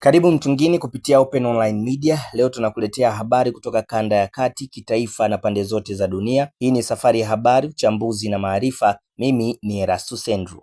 Karibu Mtungini kupitia Open Online Media. Leo tunakuletea habari kutoka kanda ya kati, kitaifa na pande zote za dunia. Hii ni safari ya habari, uchambuzi na maarifa. Mimi ni Erastus Endru.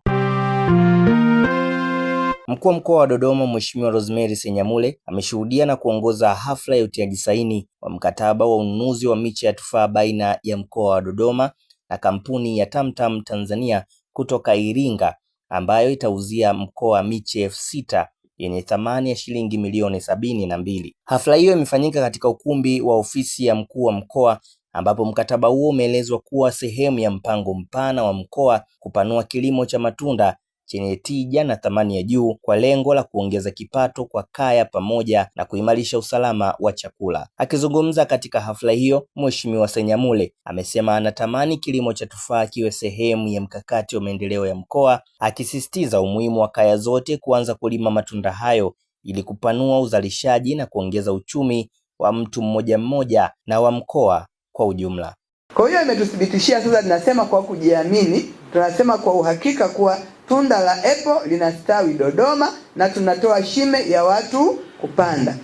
Mkuu wa mkoa wa Dodoma Mheshimiwa Rosemary Senyamule ameshuhudia na kuongoza hafla ya utiaji saini wa mkataba wa ununuzi wa miche ya tufaa baina ya mkoa wa Dodoma na kampuni ya Tamtam Tanzania kutoka Iringa ambayo itauzia mkoa miche elfu sita yenye thamani ya shilingi milioni sabini na mbili. Hafla hiyo imefanyika katika ukumbi wa ofisi ya mkuu wa mkoa ambapo mkataba huo umeelezwa kuwa sehemu ya mpango mpana wa mkoa kupanua kilimo cha matunda chenye tija na thamani ya juu kwa lengo la kuongeza kipato kwa kaya pamoja na kuimarisha usalama wa chakula. Akizungumza katika hafla hiyo, Mheshimiwa Senyamule amesema anatamani kilimo cha tufaa kiwe sehemu ya mkakati wa maendeleo ya mkoa, akisisitiza umuhimu wa kaya zote kuanza kulima matunda hayo ili kupanua uzalishaji na kuongeza uchumi wa mtu mmoja mmoja na wa mkoa kwa ujumla. Kwa hiyo imetuthibitishia sasa, tunasema kwa kujiamini, tunasema kwa uhakika kuwa tunda la epo linastawi Dodoma, na tunatoa shime ya watu kupanda.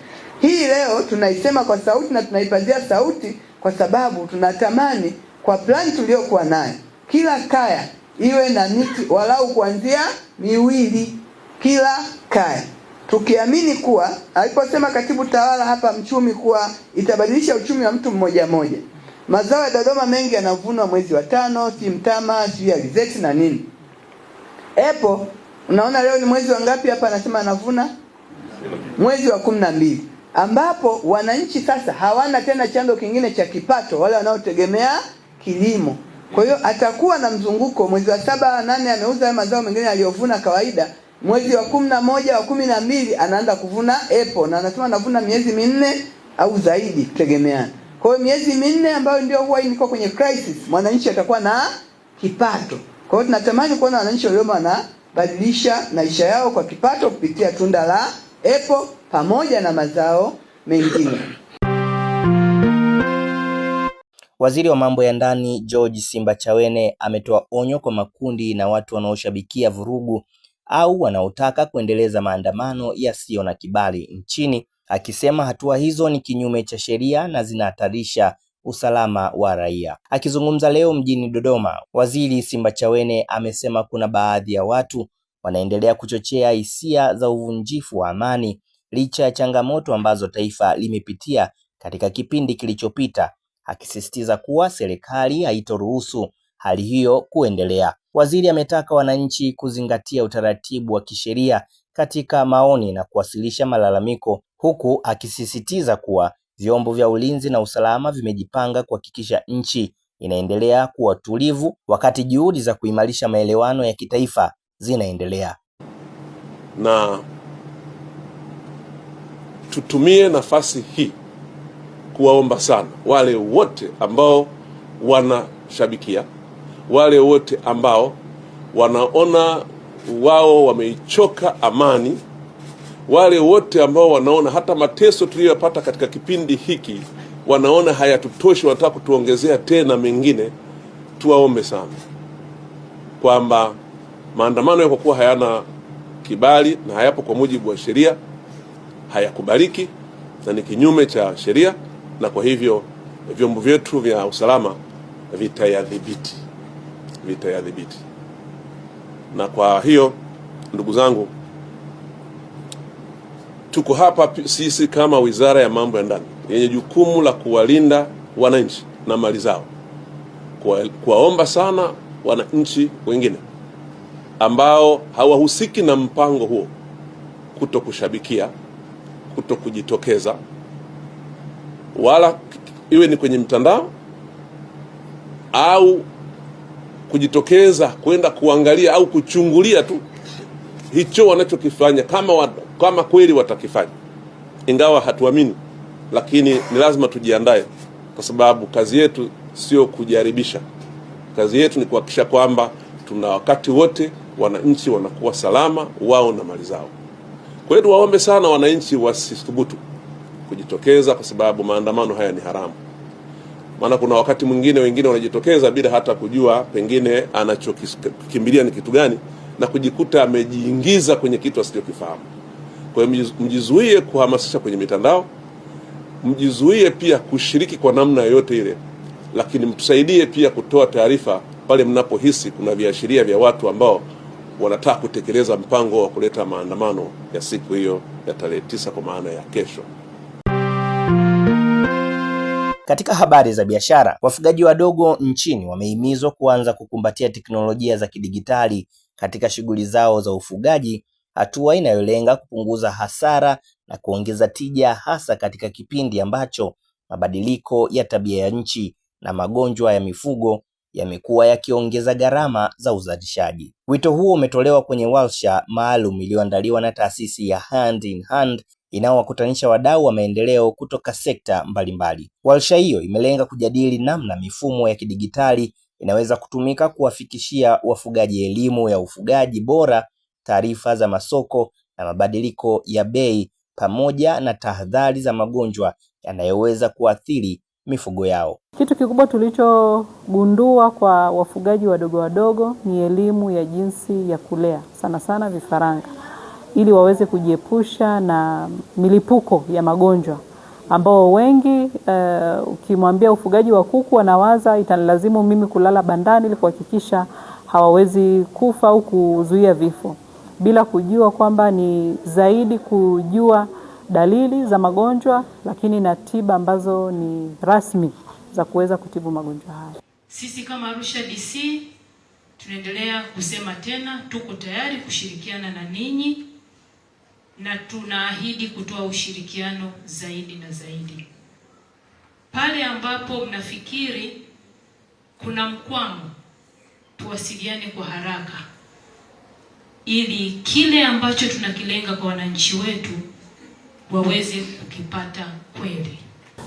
Hii leo tunaisema kwa sauti na tunaipazia sauti kwa sababu tunatamani kwa plani tuliyokuwa nayo, kila kaya iwe na miti walau kuanzia miwili kila kaya, tukiamini kuwa aliposema katibu tawala hapa mchumi kuwa itabadilisha uchumi wa mtu mmoja mmoja. Mazao ya Dodoma mengi yanavunwa mwezi wa tano, si mtama, si alizeti na nini Apple unaona leo ni mwezi wa ngapi hapa anasema anavuna mwezi wa kumi na mbili ambapo wananchi sasa hawana tena chanzo kingine cha kipato wale wanaotegemea kilimo. Kwa hiyo atakuwa na mzunguko mwezi wa saba nane ameuza mazao mengine aliyovuna kawaida mwezi wa kumi na moja wa kumi na mbili anaanza kuvuna apple na anasema anavuna miezi minne au zaidi kutegemeana. Kwa hiyo miezi minne ambayo ndio huwa niko kwenye crisis, mwananchi atakuwa na kipato. Kwa hiyo tunatamani kuona wananchi wa Dodoma wanabadilisha maisha yao kwa kipato kupitia tunda la epo pamoja na mazao mengine. Waziri wa mambo ya ndani George chawene ametoa onyo kwa makundi na watu wanaoshabikia vurugu au wanaotaka kuendeleza maandamano yasiyo na kibali nchini, akisema hatua hizo ni kinyume cha sheria na zinahatarisha usalama wa raia. Akizungumza leo mjini Dodoma, Waziri Simbachawene amesema kuna baadhi ya watu wanaendelea kuchochea hisia za uvunjifu wa amani licha ya changamoto ambazo taifa limepitia katika kipindi kilichopita, akisisitiza kuwa serikali haitoruhusu hali hiyo kuendelea. Waziri ametaka wananchi kuzingatia utaratibu wa kisheria katika maoni na kuwasilisha malalamiko, huku akisisitiza kuwa Vyombo vya ulinzi na usalama vimejipanga kuhakikisha nchi inaendelea kuwa tulivu wakati juhudi za kuimarisha maelewano ya kitaifa zinaendelea. Na tutumie nafasi hii kuwaomba sana wale wote ambao wanashabikia, wale wote ambao wanaona wao wameichoka amani wale wote ambao wanaona hata mateso tuliyopata katika kipindi hiki wanaona hayatutoshi, wanataka kutuongezea tena mengine, tuwaombe sana kwamba maandamano yako kuwa hayana kibali na hayapo kwa mujibu wa sheria, hayakubaliki na ni kinyume cha sheria, na kwa hivyo vyombo vyetu vya usalama vitayadhibiti, vitayadhibiti. Na kwa hiyo ndugu zangu Tuko hapa sisi kama Wizara ya Mambo ya Ndani yenye jukumu la kuwalinda wananchi na mali zao, kuwaomba sana wananchi wengine ambao hawahusiki na mpango huo kuto kushabikia, kuto kujitokeza, wala iwe ni kwenye mtandao au kujitokeza kwenda kuangalia au kuchungulia tu hicho wanachokifanya kama kama kweli watakifanya, ingawa hatuamini, lakini ni lazima tujiandae, kwa sababu kazi yetu sio kujaribisha. Kazi yetu ni kuhakikisha kwamba tuna wakati wote wananchi wanakuwa salama, wao na mali zao. Kwa hiyo tuwaombe sana wananchi wasithubutu kujitokeza, kwa sababu maandamano haya ni haramu. Maana kuna wakati mwingine wengine wanajitokeza bila hata kujua pengine anachokimbilia ni kitu gani, na kujikuta amejiingiza kwenye kitu asichokifahamu. Kwa hiyo mjizuie kuhamasisha kwenye mitandao, mjizuie pia kushiriki kwa namna yoyote ile, lakini mtusaidie pia kutoa taarifa pale mnapohisi kuna viashiria vya watu ambao wanataka kutekeleza mpango wa kuleta maandamano ya siku hiyo ya tarehe tisa kwa maana ya kesho. Katika habari za biashara, wafugaji wadogo nchini wamehimizwa kuanza kukumbatia teknolojia za kidigitali katika shughuli zao za ufugaji hatua inayolenga kupunguza hasara na kuongeza tija hasa katika kipindi ambacho mabadiliko ya tabia ya nchi na magonjwa ya mifugo yamekuwa yakiongeza gharama za uzalishaji. Wito huo umetolewa kwenye warsha maalum iliyoandaliwa na taasisi ya Hand in Hand inayowakutanisha wadau wa maendeleo kutoka sekta mbalimbali. Warsha hiyo imelenga kujadili namna mifumo ya kidigitali inaweza kutumika kuwafikishia wafugaji elimu ya ufugaji bora taarifa za masoko na mabadiliko ya bei pamoja na tahadhari za magonjwa yanayoweza kuathiri mifugo yao. Kitu kikubwa tulichogundua kwa wafugaji wadogo wadogo ni elimu ya jinsi ya kulea sana sana vifaranga ili waweze kujiepusha na milipuko ya magonjwa ambao wengi uh, ukimwambia ufugaji wa kuku wanawaza italazimu mimi kulala bandani ili kuhakikisha hawawezi kufa au kuzuia vifo bila kujua kwamba ni zaidi kujua dalili za magonjwa, lakini na tiba ambazo ni rasmi za kuweza kutibu magonjwa haya. Sisi kama Arusha DC tunaendelea kusema tena, tuko tayari kushirikiana na ninyi na tunaahidi kutoa ushirikiano zaidi na zaidi. Pale ambapo mnafikiri kuna mkwamo, tuwasiliane kwa haraka ili kile ambacho tunakilenga kwa wananchi wetu waweze kukipata kweli.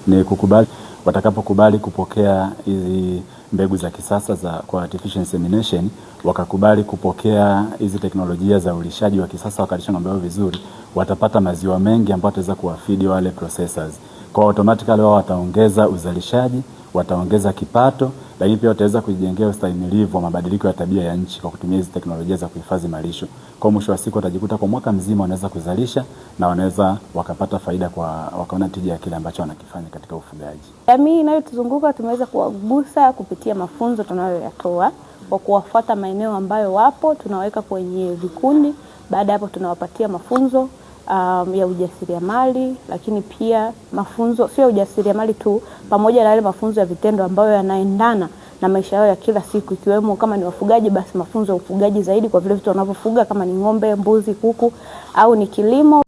Ni kukubali watakapokubali kupokea hizi mbegu za kisasa za kwa artificial insemination, wakakubali kupokea hizi teknolojia za ulishaji wa kisasa, wakalisha ng'ombe wao vizuri, watapata maziwa mengi ambayo wataweza kuwafidi wale processors. Kwa automatically wao wataongeza uzalishaji, wataongeza kipato lakini pia wataweza kujijengea ustahimilivu wa mabadiliko ya tabia ya nchi kwa kutumia hizi teknolojia za kuhifadhi malisho. Kwa mwisho wa siku watajikuta kwa mwaka mzima wanaweza kuzalisha na wanaweza wakapata faida kwa wakaona tija ya kile ambacho wanakifanya katika ufugaji. Jamii inayotuzunguka tumeweza kuwagusa kupitia mafunzo tunayoyatoa kwa kuwafuata maeneo ambayo wapo, tunaweka kwenye vikundi, baada ya hapo tunawapatia mafunzo um, ya ujasiriamali, lakini pia mafunzo sio ya ujasiriamali tu, pamoja na yale mafunzo ya vitendo ambayo yanaendana na maisha yao ya kila siku, ikiwemo kama ni wafugaji, basi mafunzo ya ufugaji zaidi kwa vile vitu wanavyofuga kama ni ng'ombe, mbuzi, kuku au ni kilimo.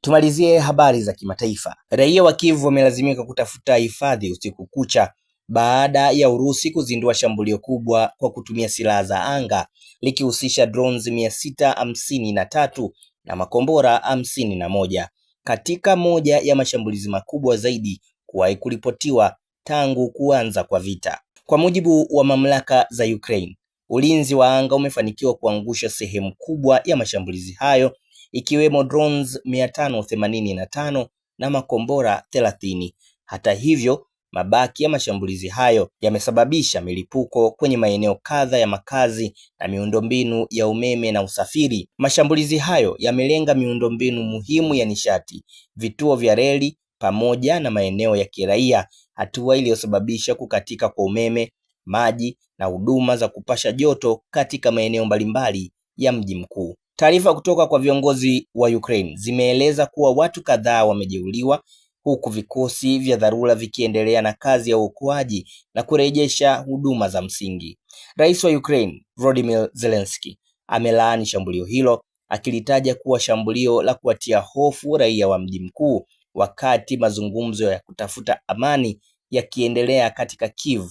Tumalizie habari za kimataifa. Raia wa Kivu wamelazimika kutafuta hifadhi usiku kucha baada ya Urusi kuzindua shambulio kubwa kwa kutumia silaha za anga likihusisha drones mia sita hamsini na tatu na makombora hamsini na moja katika moja ya mashambulizi makubwa zaidi kuwahi kuripotiwa tangu kuanza kwa vita. Kwa mujibu wa mamlaka za Ukraine, ulinzi wa anga umefanikiwa kuangusha sehemu kubwa ya mashambulizi hayo ikiwemo drones mia tano themanini na tano na makombora thelathini. Hata hivyo, Mabaki ya mashambulizi hayo yamesababisha milipuko kwenye maeneo kadha ya makazi na miundombinu ya umeme na usafiri. Mashambulizi hayo yamelenga miundombinu muhimu ya nishati, vituo vya reli pamoja na maeneo ya kiraia, hatua iliyosababisha kukatika kwa umeme, maji na huduma za kupasha joto katika maeneo mbalimbali ya mji mkuu. Taarifa kutoka kwa viongozi wa Ukraine zimeeleza kuwa watu kadhaa wamejeruhiwa huku vikosi vya dharura vikiendelea na kazi ya uokoaji na kurejesha huduma za msingi. Rais wa Ukraine Volodymyr Zelensky amelaani shambulio hilo akilitaja kuwa shambulio la kuwatia hofu raia wa mji mkuu wakati mazungumzo ya kutafuta amani yakiendelea katika Kiev.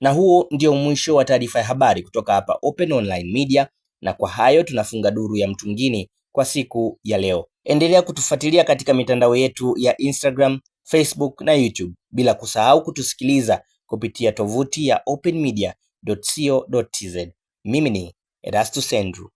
Na huo ndio mwisho wa taarifa ya habari kutoka hapa Open Online Media, na kwa hayo tunafunga duru ya mtungini kwa siku ya leo. Endelea kutufuatilia katika mitandao yetu ya Instagram, Facebook na YouTube bila kusahau kutusikiliza kupitia tovuti ya openmedia.co.tz. Mimi ni Erastus Andrew.